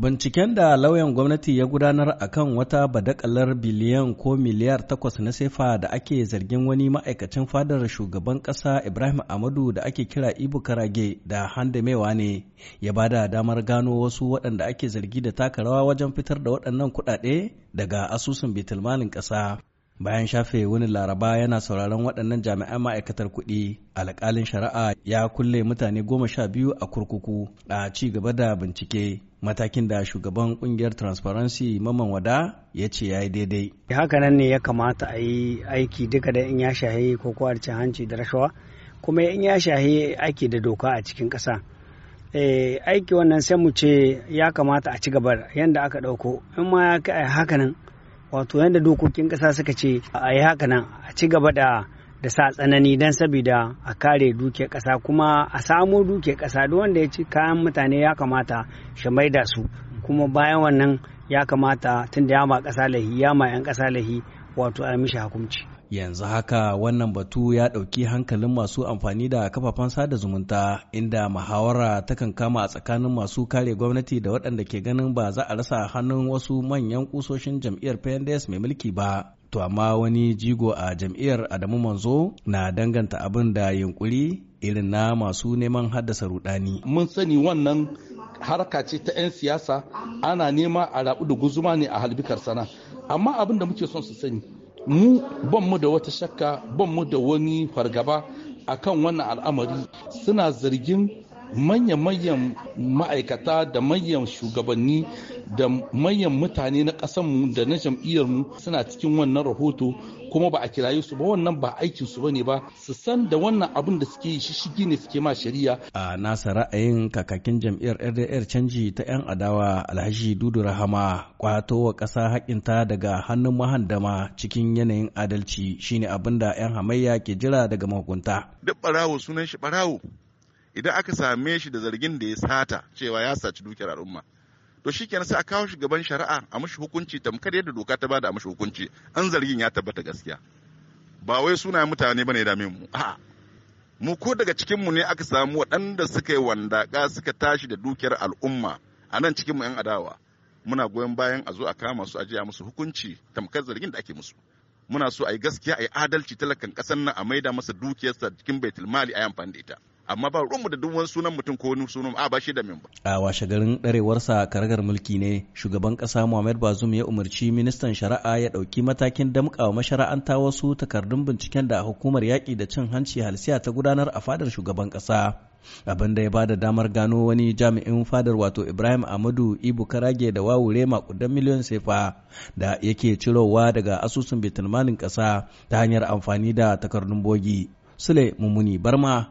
Binciken da lauyan gwamnati ya gudanar a kan wata badakalar biliyan ko miliyar takwas na sefa da ake zargin wani ma'aikacin fadar shugaban ƙasa Ibrahim Amadu da ake kira Ibu Karage da handamewa ne ya bada damar gano wasu waɗanda ake zargi da takarawa wajen fitar da waɗannan kuɗaɗe daga asusun bitilmanin ƙasa. bayan shafe wani laraba yana sauraron waɗannan jami'an ma'aikatar kuɗi alƙalin shari'a ya kulle mutane goma sha biyu a kurkuku a ci gaba da bincike matakin da shugaban ƙungiyar transparency maman wada ya ce ya yi daidai haka nan ne ya kamata a yi aiki duka da in ya shahe ko ko hanci da rashawa kuma in ya shahe aiki da doka a cikin ƙasa eh, aiki wannan sai mu ce ya kamata a ci gaba yadda aka ɗauko in ma ya kai haka nan wato yadda dokokin ƙasa suka ce a yi haka nan a ci gaba da da sa tsanani don sabida a kare duke ƙasa kuma a samo duke ƙasa duk wanda ya ci kayan mutane ya kamata shi maida su kuma bayan wannan ya kamata tun da ya ma ƙasa lahi ya ma 'yan ƙasa lahi wato a mishi hukunci yanzu haka wannan batu ya ɗauki hankalin masu amfani da kafafen sada zumunta inda muhawara takan kama a tsakanin masu kare gwamnati da waɗanda ke ganin ba za a rasa hannun wasu manyan kusoshin jam'iyyar pnds mai mulki ba to amma wani jigo a jam'iyyar adamu manzo na danganta abin da yunkuri irin na masu neman haddasa rudani mun sani wannan harka ce ta 'yan siyasa ana nema a rabu da guzuma ne a halbikar sana amma abin da muke son su sani mu ban mu da wata shakka ban mu da wani fargaba akan wannan al'amari suna zargin manyan-manyan ma'aikata da manyan shugabanni da manyan mutane na ƙasanmu da na jam'iyyarmu suna cikin wannan rahoto kuma ba a kiraye su ba wannan ba aikin su bane ba su san da wannan abin da suke yi shishigi ne suke ma shari'a a nasa ra'ayin kakakin jam'iyyar RDR canji ta yan adawa Alhaji Dudu Rahama kwato wa ƙasa haƙinta daga hannun mahandama cikin yanayin adalci shine abin da yan hamayya ke jira daga mahukunta duk barawo sunan shi barawo idan aka same shi da zargin da ya sata cewa ya saci dukiyar al'umma to shikenan sai a kawo shi gaban shari'a a mashi hukunci tamkar yadda doka ta bada a mashi hukunci an zargin ya tabbata gaskiya ba wai suna mutane bane min mu a'a mu ko daga cikin mu ne aka samu waɗanda suka yi wandaka suka tashi da dukiyar al'umma a nan cikin mu yan adawa muna goyon bayan a zo a kama su a musu hukunci tamkar zargin da ake musu muna so a yi gaskiya a yi adalci talakan ƙasar nan a maida masa dukiyarsa cikin baitulmali a yi amfani da ita amma ba ruwanmu da duk wani sunan mutum ko wani sunan a ba shi da min ba. A washe garin ɗarewarsa karagar mulki ne shugaban ƙasa Muhammad Bazum ya umarci ministan shari'a ya ɗauki matakin damƙawa mashara'anta wasu takardun binciken da hukumar yaƙi da cin hanci halsiya ta gudanar a fadar shugaban ƙasa. Abin da ya ba da damar gano wani jami'in fadar wato Ibrahim Amadu Ibu Karage da wawure makudan miliyon sefa da yake cirowa daga asusun betulmanin ƙasa ta hanyar amfani da takardun bogi. Sule Mummuni Barma